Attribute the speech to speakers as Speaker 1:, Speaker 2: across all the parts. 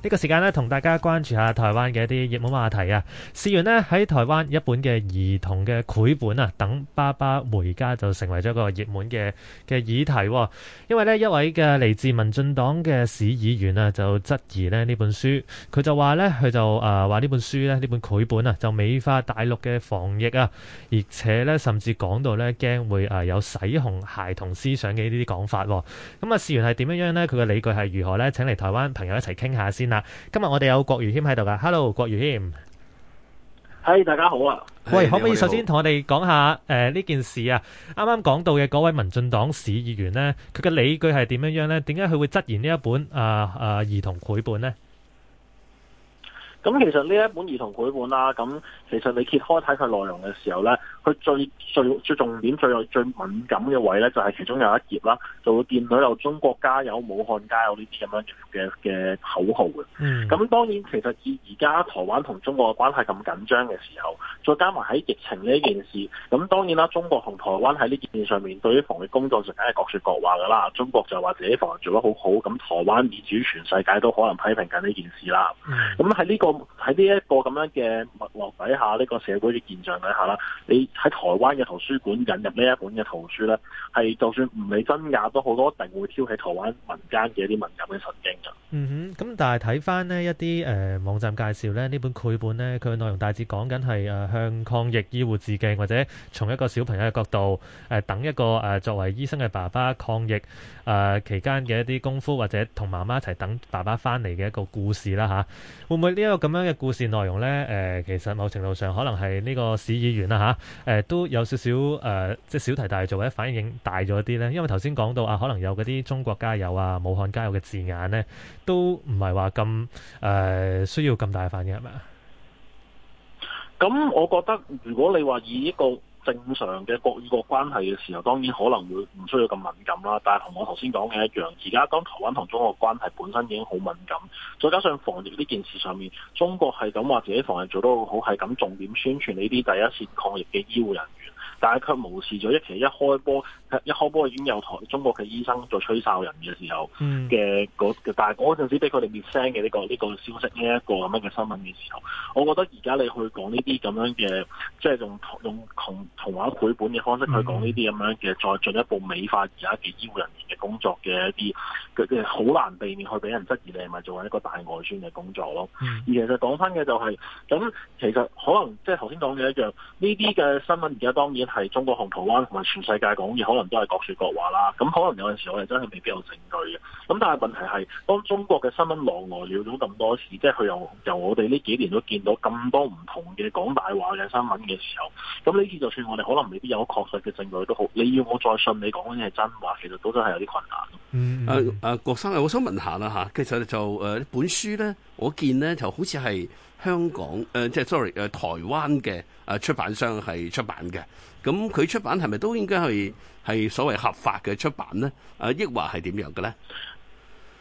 Speaker 1: 呢個時間咧，同大家關注一下台灣嘅一啲熱門話題啊。事緣呢，喺台灣一本嘅兒童嘅繪本啊，《等爸爸回家》就成為咗一個熱門嘅嘅議題，哦。因為呢一位嘅嚟自民進黨嘅市議員啊，就質疑呢呢本書，佢就話呢，佢就誒話呢本書呢，呢本繪本啊，就美化大陸嘅防疫啊，而且呢，甚至講到呢，驚會誒有洗紅孩童思想嘅呢啲講法，哦。咁、嗯、啊，事緣係點樣樣呢？佢嘅理據係如何呢？請嚟台灣朋友一齊傾下先。嗱，今日我哋有郭豫謙喺度噶，Hello，郭豫謙，係、hey, 大家好啊！喂、hey,，可唔可以首先同我哋講下，誒呢件事剛剛，呢呢啊，啱啱講到嘅位民進黨市議員咧，佢嘅理據係點樣樣咧？點解佢會質疑呢一本啊啊兒童繪本咧？
Speaker 2: 咁其實呢一本兒童繪本啦，咁其實你揭開睇佢內容嘅時候咧，佢最最最重點、最最敏感嘅位咧，就係其中有一頁啦，就會見到有中國加油、武漢加油呢啲咁樣嘅嘅口號嘅。咁、mm. 當然其實以而家台灣同中國嘅關係咁緊張嘅時候，再加埋喺疫情呢一件事，咁當然啦，中國同台灣喺呢件事上面對於防疫工作就梗係各説各話㗎啦。中國就話自己防疫做得好好，咁台灣而至於全世界都可能批評緊呢件事啦。咁喺呢個喺呢一個咁樣嘅脈絡底下，呢、這個社會嘅現象底下啦，你。喺台灣嘅圖書館引入呢一本嘅圖書呢，係就算唔理真假都好多，一定會挑起台灣民間嘅一啲敏感嘅神經。嗯哼，
Speaker 1: 咁但係睇翻呢一啲誒、呃、網站介紹呢，呢本繪本呢，佢嘅內容大致講緊係誒向抗疫醫護致敬，或者從一個小朋友嘅角度誒、呃、等一個誒、呃、作為醫生嘅爸爸抗疫誒、呃、期間嘅一啲功夫，或者同媽媽一齊等爸爸翻嚟嘅一個故事啦嚇、啊。會唔會呢一個咁樣嘅故事內容呢？誒、呃，其實某程度上可能係呢個市議員啦嚇。啊誒、呃、都有少少誒、呃，即係小題大做或者反應大咗啲咧，因為頭先講到啊，可能有嗰啲中國加油啊、武漢加油嘅字眼咧，都唔係話咁誒需要咁大反應係咪啊？
Speaker 2: 咁、嗯、我覺得如果你話以一、呢個正常嘅國與國關係嘅時候，當然可能會唔需要咁敏感啦。但係同我頭先講嘅一樣，而家當台灣同中國嘅關係本身已經好敏感，再加上防疫呢件事上面，中國係咁話自己防疫做得好好，係咁重點宣傳呢啲第一線抗疫嘅醫護人。但係佢無視咗，一其實一開波一開波已經有台中國嘅醫生在吹哨人嘅時候嘅嗰，嗯、但係嗰陣時俾佢哋滅聲嘅呢個呢、這個消息呢一個咁樣嘅新聞嘅時候，我覺得而家你去講呢啲咁樣嘅，即係用用童童話繪本嘅方式去講呢啲咁樣，嘅、嗯，再進一步美化而家嘅醫護人員嘅工作嘅一啲，好難避免去俾人質疑你係咪做緊一個大外宣嘅工作咯。嗯、而其實講翻嘅就係、是，咁其實可能即係頭先講嘅一樣，呢啲嘅新聞而家當然。係中國紅土灣同埋全世界的講嘢，可能都係各説各話啦。咁可能有陣時候我哋真係未必有證據嘅。咁但係問題係，當中國嘅新聞狼來了咗咁多次，即係佢由由我哋呢幾年都見到咁多唔同嘅講大話嘅新聞嘅時候，咁呢次就算我哋可能未必有確實嘅證據都好，你要我再信你講嘅嘢係真話，其實
Speaker 3: 都真係有啲困難。嗯。誒誒、uh, uh,，郭生我想問一下啦嚇，其實就誒、uh, 本書咧，我見咧就好似係香港誒，即、uh, 係 sorry 誒、uh, 台灣嘅啊、uh, 出版商係出版嘅。咁佢出版係咪都應該係係所謂合法嘅出版咧？啊，抑或係點樣嘅咧？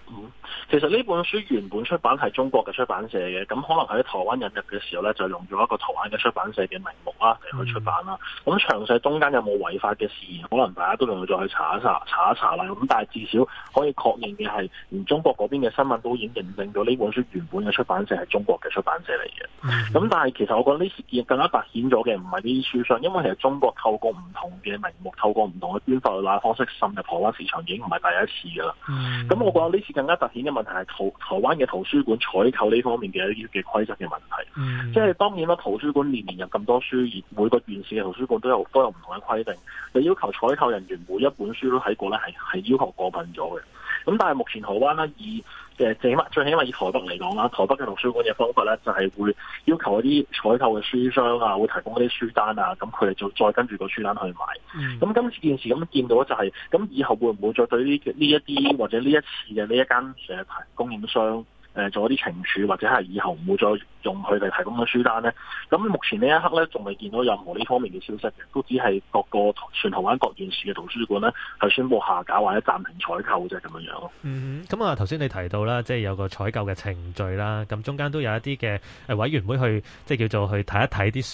Speaker 3: 嗯、其實呢本書原本出版係
Speaker 2: 中國嘅出版社嘅，咁可能喺台灣引入嘅時候呢，就用咗一個台灣嘅出版社嘅名目啦嚟去出版啦。咁、嗯嗯、詳細中間有冇違法嘅事，可能大家都仲要再去查，查一查、查一查啦。咁但係至少可以確認嘅係，連中國嗰邊嘅新聞都已經認證咗呢本書原本嘅出版社係中國嘅出版社嚟嘅。咁、嗯嗯嗯、但係其實我覺得呢次更加凸顯咗嘅唔係啲書商，因為其實中國透過唔同嘅名目、透過唔同嘅編法、嘅拉方式滲入台灣市場已經唔係第一次㗎啦。咁、嗯嗯、我覺得呢次。更加凸顯嘅問題係台灣嘅圖書館採購呢方面嘅規則嘅問題，mm hmm. 即係當然啦，圖書館年年有咁多書，每個縣市嘅圖書館都有都有唔同嘅規定，就要求採購人員每一本書都睇過咧，係係要求過分咗嘅。咁但係目前台灣咧，以嘅最起碼，最起碼以台北嚟講啦，台北嘅圖書館嘅方法咧，就係會要求一啲採購嘅書商啊，會提供一啲書單啊，咁佢哋就再跟住個書單去買。咁今次件事咁見到咧，就係，就係咁以後會唔會再對呢呢一啲或者呢一次嘅呢一間社供應商，誒做一啲懲處，或者係以後唔會再用佢哋提供嘅書單呢。咁目前呢一刻呢，仲未見到任何呢方面嘅消息，都只係各個全台灣各縣市嘅圖書館呢去宣布下架或者暫停採購啫，咁樣樣
Speaker 1: 咯。嗯，咁啊，頭先你提到啦，即係有個採購嘅程序啦，咁中間都有一啲嘅委員會去即係叫做去睇一睇啲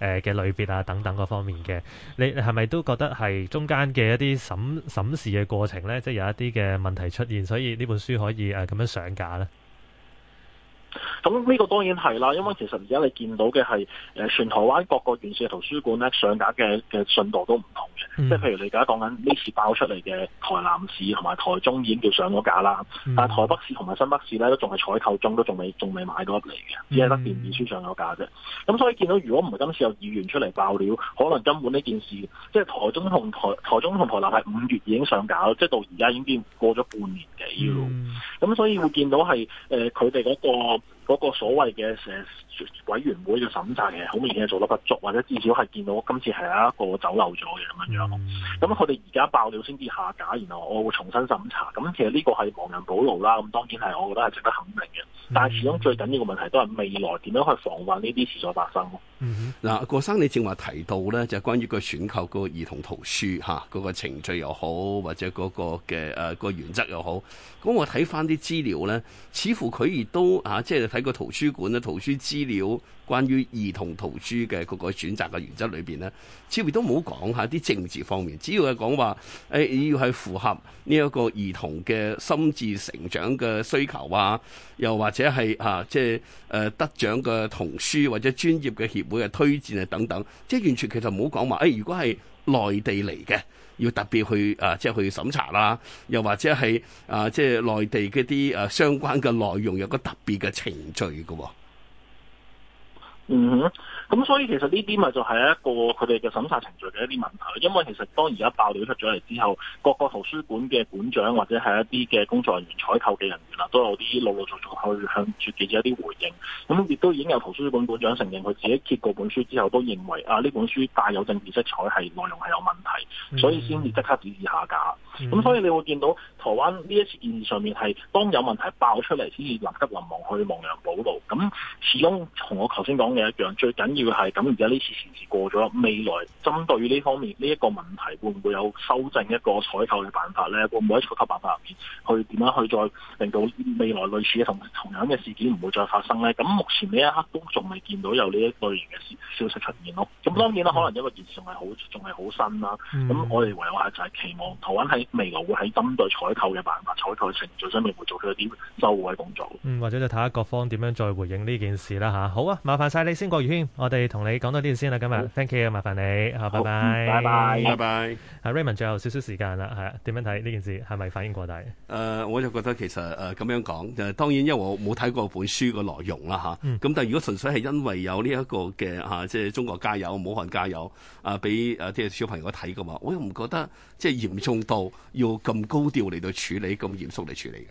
Speaker 1: 書嘅類別啊等等嗰方面嘅。你係咪都覺得係中間嘅一啲審審視嘅過程呢？即係有一啲嘅問題出現，所以呢本書可以誒咁樣上架呢。
Speaker 2: 咁呢、嗯、這個當然係啦，因為其實而家你見到嘅係，呃、全台灣各個縣市嘅圖書館咧上架嘅嘅進度都唔同嘅，即係，嗯、譬如你而家講緊呢次爆出嚟嘅台南市同埋台中已經叫上咗架啦。嗯、但台北市同埋新北市咧都仲係採購中，都仲未仲未買到入嚟嘅，只係得電子書上咗架啫。咁、嗯嗯、所以見到如果唔係今次有議員出嚟爆料，可能根本呢件事即係台中同台台中同台南係五月已經上架，即係到而家已經過咗半年幾，咁、嗯嗯、所以會見到係佢哋嗰個個所謂嘅誒委員會嘅審查嘅，好明顯係做得不足，或者至少係見到今次係有一個走漏咗嘅咁樣咯。咁佢哋而家爆料先至下架，然後我會重新審查。咁其實呢個係亡人補牢啦。咁當然係，我覺得係值得肯定嘅。嗯、但係始終最緊要嘅問題都係未來點樣去防範呢啲事再發生咯。
Speaker 3: 嗯嗱、啊，郭生你正話提到咧，就係，關於個選購個兒童圖書吓，嗰、啊、個程序又好，或者嗰個嘅誒個原則又好。咁我睇翻啲資料咧，似乎佢亦都啊，即係睇過圖書館啊圖書資料關於兒童圖書嘅嗰個選擇嘅原則裏邊咧，似乎都冇講吓啲政治方面，只要係講話誒你要係符合呢一個兒童嘅心智成長嘅需求啊，又或者係啊即係誒得獎嘅童書或者專業嘅協。會係推薦啊等等，即係完全其實唔好講話。誒，如果係內地嚟嘅，要特別去啊，即係去審查啦，又或者係啊，即係內地嗰啲誒相關嘅內容有個特別嘅程序㗎喎。嗯哼。
Speaker 2: 咁、嗯、所以其實呢啲咪就係一個佢哋嘅審查程序嘅一啲問題，因為其實當而家爆料出咗嚟之後，各個圖書館嘅館長或者係一啲嘅工作人員採購嘅人員啦，都有啲陸陸續續去向住記者一啲回應，咁、嗯、亦都已經有圖書館館長承認佢自己揭過本書之後都認為啊呢本書帶有政治色彩，係內容係有問題，所以先至即刻指示下架。咁、嗯嗯、所以你會見到台灣呢一次事件上面係當有問題爆出嚟先至臨急臨忙去亡羊補牢。咁始終同我頭先講嘅一樣最緊。要係咁，而家呢次事件過咗，未來針對呢方面呢一個問題，會唔會有修正一個採購嘅辦法咧？會唔會喺採購辦法入面去點樣去再令到未來類似同同樣嘅事件唔會再發生咧？咁目前呢一刻都仲未見到有呢一類型嘅消息出現咯。咁當然啦，可能因為件事仲係好仲係好新啦。咁我哋唯有下就係期望台灣喺未來會喺針對採購嘅辦法、採購程序上面做出一啲收尾工作。
Speaker 1: 嗯，或者再睇下各方點樣再回應呢件事啦吓，好啊，麻煩晒你先豫謙，郭豫謙。我哋同你講多啲先啦，今日，thank you，麻煩你，好，拜拜，拜拜，拜拜。阿 bye、uh, Raymond，最後少少時間啦，係點樣睇呢件事係咪反應過大？誒、
Speaker 3: 呃，我就覺得其實誒咁、呃、樣講，就當然，因為我冇睇過本書個內容啦，嚇、啊。咁、嗯、但係如果純粹係因為有呢一個嘅即係中國加油、武漢加油啊，俾啲小朋友睇嘅話，我又唔覺得即係、就是、嚴重到要咁高調嚟到處理，咁嚴肅嚟處理嘅。